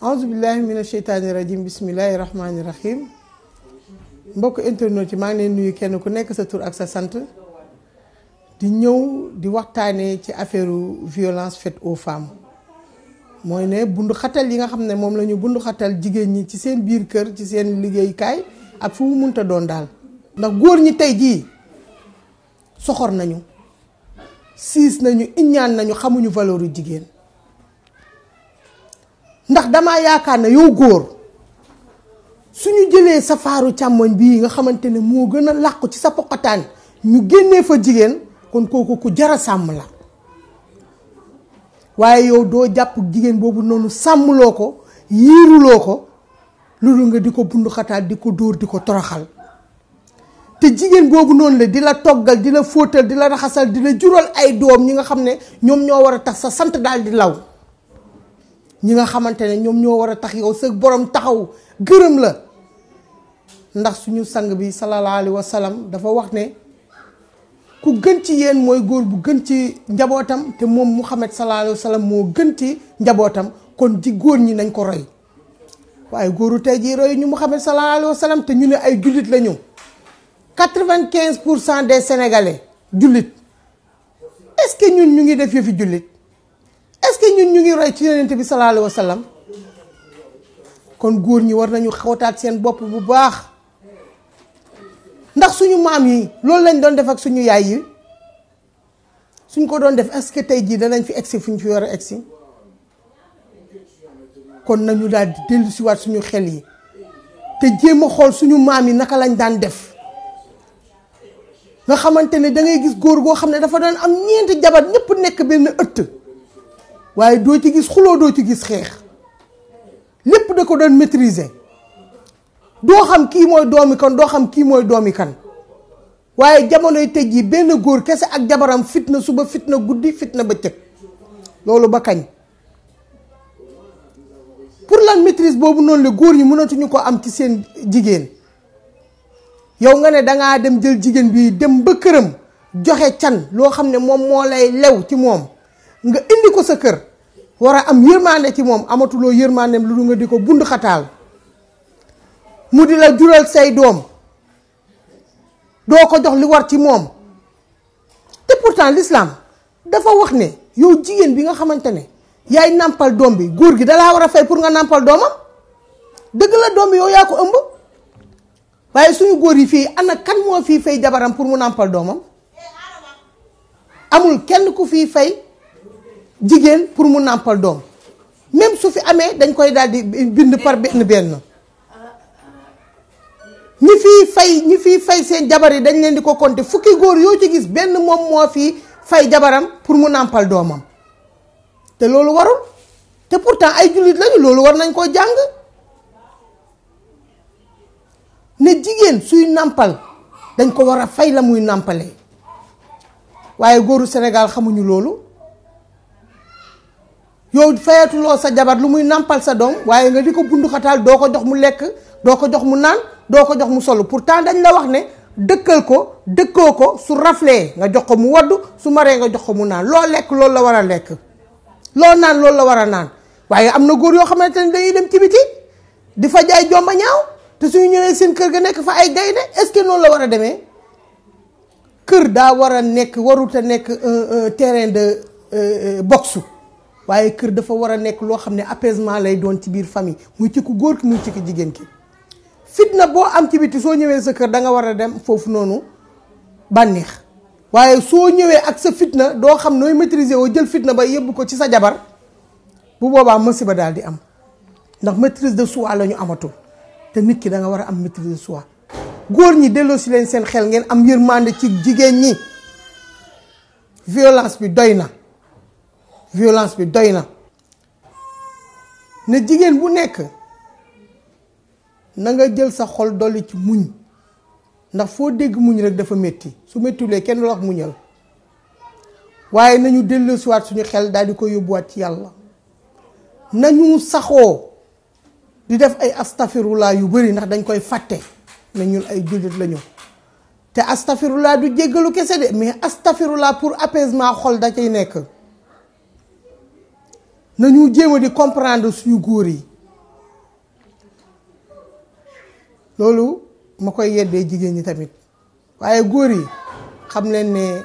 aousubillahi mina sheytaani rajim bisimillahi rahmaani rahim mbokk internet yi maa ngi leen nuyu kenn ku nekk sa tur ak sa sant di ñëw di waxtaanee ci affaire violence fait aux femmes mooy ne bundu xatal yi nga xam ne moom lañu ñu bundu xatal jigéen ñi ci seen biir kër ci seen liggéeykaay ak fu mu munta doon daal ndax góor ñi tey jii soxor nañu siis nañu iñaan nañu xamuñu valeur yu jigéen ndax damaa yaakaar ne yow góor suñu jëlee safaaru càmmoñ bii nga xamante ne moo gën a làqu ci sa poqataan ñu génnee fa jigéen kon kooku ku jara sàmm la waaye yow doo jàpp jigéen boobu noonu sàmmloo ko yiiruloo ko loolu nga di ko bunduxataan di ko dóor di ko toroxal te jigéen boobu noonu la di la toggal di la fóotal di la raxasal di la jural ay doom ñi nga xam ne ñoom ñoo war a tax sa sant daal di law ñi nga xamante ne ñoom ñoo war a tax yow sa borom taxaw gërëm la ndax suñu sang bi sallallahu alayhi wa sallam dafa wax ne ku gën ci yéen mooy góor bu gën ci njabootam te moom Muhammad sallallahu alayhi wa moo gën ci njabootam kon di góor ñi nañ ko roy waaye góoru tey jii roy ñu Muhammad sallallahu alayhi te ñu ne ay jullit la ñu quatre-vingt-quinze pour cent des sénégalais jullit est-ce que ñun ñu ngi def yëfi jullit. ñu ngi roy ci yonent bi sallallahu alayhi wa kon góor ñi war nañu xawtaat seen bopp bu baax ndax suñu maam yi loolu lañ doon def ak suñu yaay yi suñ ko doon def est-ce que tey jii danañ fi egsi fuñ fi war a egsi kon nañu daal di dellusiwaat suñu xel yi te jéem a xool suñu maam yi naka lañ daan def nga xamante ne da ngay gis góor goo xam ne dafa doon am ñeenti jabar ñëpp nekk benn ëtt. waaye doo ci gis xuloo doo ci gis xeex lépp da ko doon maîtriser doo xam kii mooy doomi kan doo xam kii mooy doomi kan waaye jamonoy tëj yi benn góor kese ak jabaram fitna suba fitna guddi fitna bëccëg loolu ba kañ pour lan maîtrise boobu noonu la góor ñi mënatuñu ko am ci seen jigéen yow nga ne dangaa dem jël jigéen bi dem ba këram joxe can loo xam ne moom moo lay lew ci moom nga indi ko sa kër war a am yërmaande ci moom amatuloo yërmaandeem lu du nga di ko bund mu di la jural say doom doo ko jox li war ci moom te pourtant l'islam dafa wax ne yow jigéen bi nga xamante ne yaay nàmpal doom bi góor gi dalaa war a fay pour nga nàmpal doomam dëgg la doom bi yow yaa ko ëmb waaye suñu góor yi fii ana kan moo fii fay jabaram pour mu nàmpal doomam amul kenn ku fii fay pour mon nampal dom même su fi amé dañ koy daldi bind par ben ben ni fi fay ni fi fay sen dañ di ko fukki gor yo ci gis ben mom mo fi fay jabaram pour mu nampal domam te lolu warul te pourtant ay julit lañu lolu war nañ ko jang ne jigen suy nampal dañ ko wara fay la muy nampalé waye Sénégal xamuñu lolu yow fayatuloo sa jabar lu muy nàmpal sa doom waaye nga di ko bunduxataal doo ko jox mu lekk doo ko jox mu naan doo ko jox mu solu pourtant dañ la wax ne dëkkal ko dëkkoo ko su raflee nga jox ko mu waddu su maree nga jox ko mu naan loo lekk loolu la war a lekk loo naan loolu la war a naan waaye am na góor yoo xamante ne dañuy dem ci biti di fa jaay jomba ñaaw te suñu ñëwee seen kër ga nekk fa ay gaynde est-ce que noonu la war a demee kër daa war a nekk warut a nekk un terrain de euh, euh, boxe waaye kër dafa war a nekk loo xam ne apaisement lay doon ci biir famille mu ci ku góor ki muy ci ki jigéen ki fitna boo am ci biti soo ñëwee sa kër danga war a dem foofu noonu bànneex waaye soo ñëwee ak sa fitna doo xam nooy maîtriser woo jël fitna ba yóbbu ko ci sa jabar bu boobaa musiba daal di am ndax maîtrise de soi la ñu amatul te nit ki da nga war a am maîtrise de soi góor ñi delloo si leen seen xel ngeen am yërmande ci jigéen ñi violence bi doy na violence bi doy na ne jigéen bu nekk na nga jël sa xol dolli ci muñ ndax foo dégg muñ rek dafa métti su méttiwulee kenn la wax muñal waaye nañu delloosiwaat suñu xel daal di ko yóbbuwaat ci yàlla nañu saxoo di def ay astafirulaa yu bari ndax dañ koy fàtte na ñun ay jullit lañu te astafirulaa du jéggalu kese de mais astafirulaa pour apaisement xol da cay nekk nañu jéem di comprendre suñu góor yi loolu ma koy yeddee jigéen ñi tamit waaye góor yi xam leen ne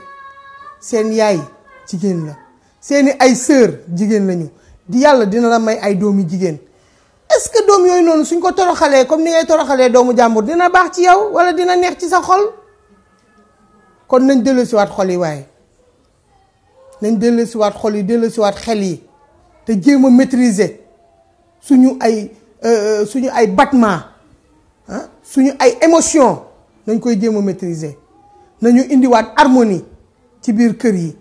seen yaay jigéen la seeni ay sœur jigéen lañu di yàlla dina la may ay doomi jigéen est-ce que doom yooyu noonu suñ ko toroxalee comme ni ngay toroxalee doomu jàmbur dina baax ci yow wala dina neex ci sa xol kon nañ dellusiwaat xol yi waaye nañ dellusiwaat xol yi dellusiwaat xel yi te jéem a maîtriser suñu ay euh, suñu ay battement ah suñu ay émotion nañ koy jéem a maîtriser nañu indiwaat harmonie ci biir kër yi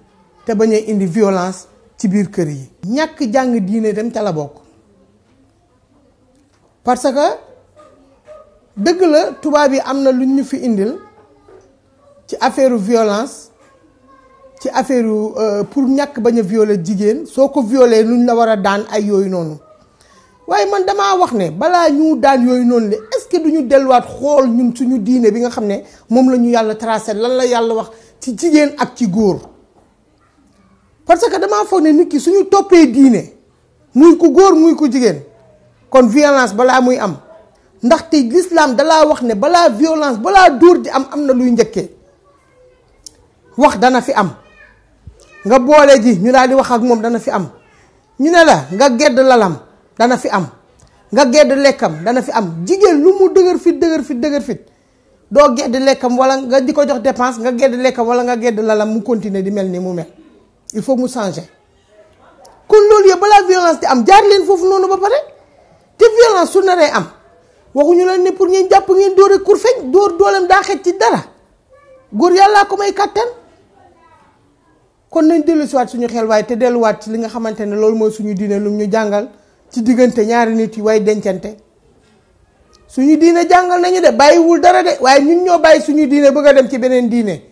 te bañ indi violence ci biir kër yi. ñàkk jàng diine dem ca la bokk parce que dëgg la tubaab yi am na lu ñu fi indil ci affaire violence. ci affaire euh, pour ñàkk bañ a violer jigéen soo ko violer nuñ la war a daan ay yooyu noonu waaye man damaa wax ne balaa ñu daan yooyu noonu la est-ce que duñu delluwaat xool ñun suñu diine bi nga xam ne moom la ñu yàlla tracé lan la yàlla wax ci jigéen ak ci góor parce que damaa foog ne nit suñu toppee diine muy ku góor muy ku jigéen kon violence balaa muy am ndaxte l'islam dalaa wax ne balaa violence balaa dóor di am am na luy njëkke wax dana fi am nga boole ji ñu daal di wax ak moom dana fi am ñu ne la nga gedd lalam dana fi am nga gedd lekkam dana fi am jigéen lu mu dëgër fit dëgër fit dëgër fit doo gedd lekkam wala nga di ko jox dépense nga gedd lekkam wala nga gedd lalam mu continuer di mel ni mu mel il faut mu changer kon loolu yëpp balaa violence di am jaar leen foofu noonu ba pare te violence su naree am waxuñu leen ne pour ngeen jàpp ngeen dóore kur feñ dóor dooleem daa xet ci dara góor yàllaa ko may kàttan kon nañ dellusiwaat suñu xel waaye te delluwaat ci li nga xamante ne loolu mooy suñu diine lu ñu jàngal ci diggante ñaari nit yi waaye dencante suñu diine jàngal nañu de bàyyiwul dara de waaye ñun ñoo bàyyi suñu diine bëgg a dem ci beneen diine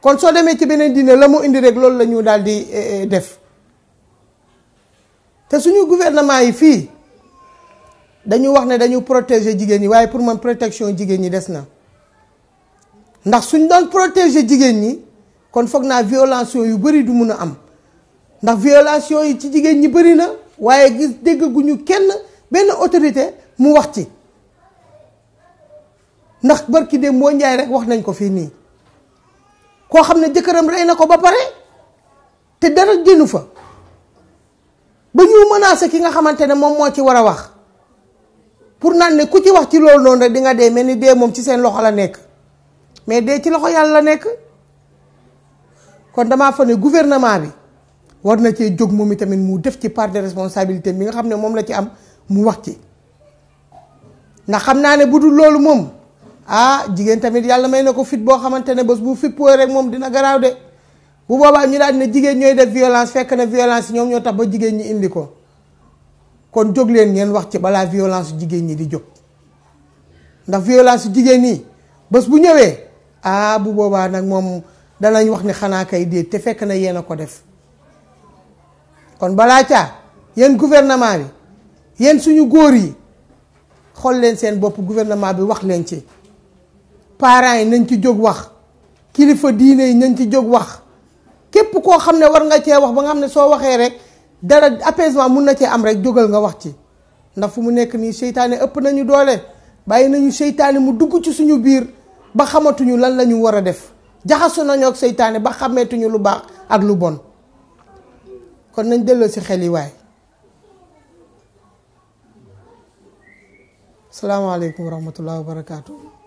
kon soo demee ci beneen diine la mu indi rek loolu la ñu daal di eh, eh, def te suñu gouvernement yi fii dañu wax ne dañu protéger jigéen ñi waaye pour man protection jigéen ñi des na ndax suñ doon protéger jigéen ñi kon foog naa violation yu bëri du mun a am ndax violation yi ci jigéen ñi bëri na waaye gis déggaguñu kenn benn autorité mu wax ci ndax ki dem moo njaay rek wax nañ ko fii nii koo xam ne jëkkëram rey na ko ba pare te dara jënu fa ba a menacé ki nga xamante ne moom moo ci war a wax pour naan ne ku ci wax ci loolu noonu rek di nga dee mel ni dee moom ci seen loxo la nekk mais dee ci loxo yàlla nekk kon damaa fa ne gouvernement bi war na cee jóg moom itamit mu def ci part responsabilité bi nga xam ne moom la ci am mu wax ci ndax xam naa ne bu dul loolu moom ah jigéen tamit yàlla may na ko fit boo xamante ne bés bu fippoo rek moom dina garaaw de bu boobaa ñu daal ne jigéen ñooy def violence fekk na violence ñoom ñoo tax ba jigéen ñi indi ko kon jóg leen ngeen wax ci balaa violence jigéen ñi di jóg ndax violence jigéen ñi bës bu ñëwee ah bu boobaa nag moom. danañ wax ni xanaa kay déet te fekk na yéen a ko def kon balaa caa yéen gouvernement bi yéen suñu góor yi xool leen seen bopp gouvernement bi wax leen ci parent yi nañ ci jóg wax kilifa diine yi nañ ci jóg wax képp koo xam ne war nga cee wax ba nga xam ne soo waxee rek dara apaisement mun na cee am rek jógal nga wax ci ndax fu mu nekk nii seytaane ëpp nañu doole bàyyi nañu seytaane mu dugg ci suñu biir ba xamatuñu lan la ñu war a def jaxasu nañoo ak seytaane ba xàmmeetuñu lu baax ak lu bon kon nañ delloo si xel yi waay salaamaaleykum wa rahmatullahi wa barakaatu.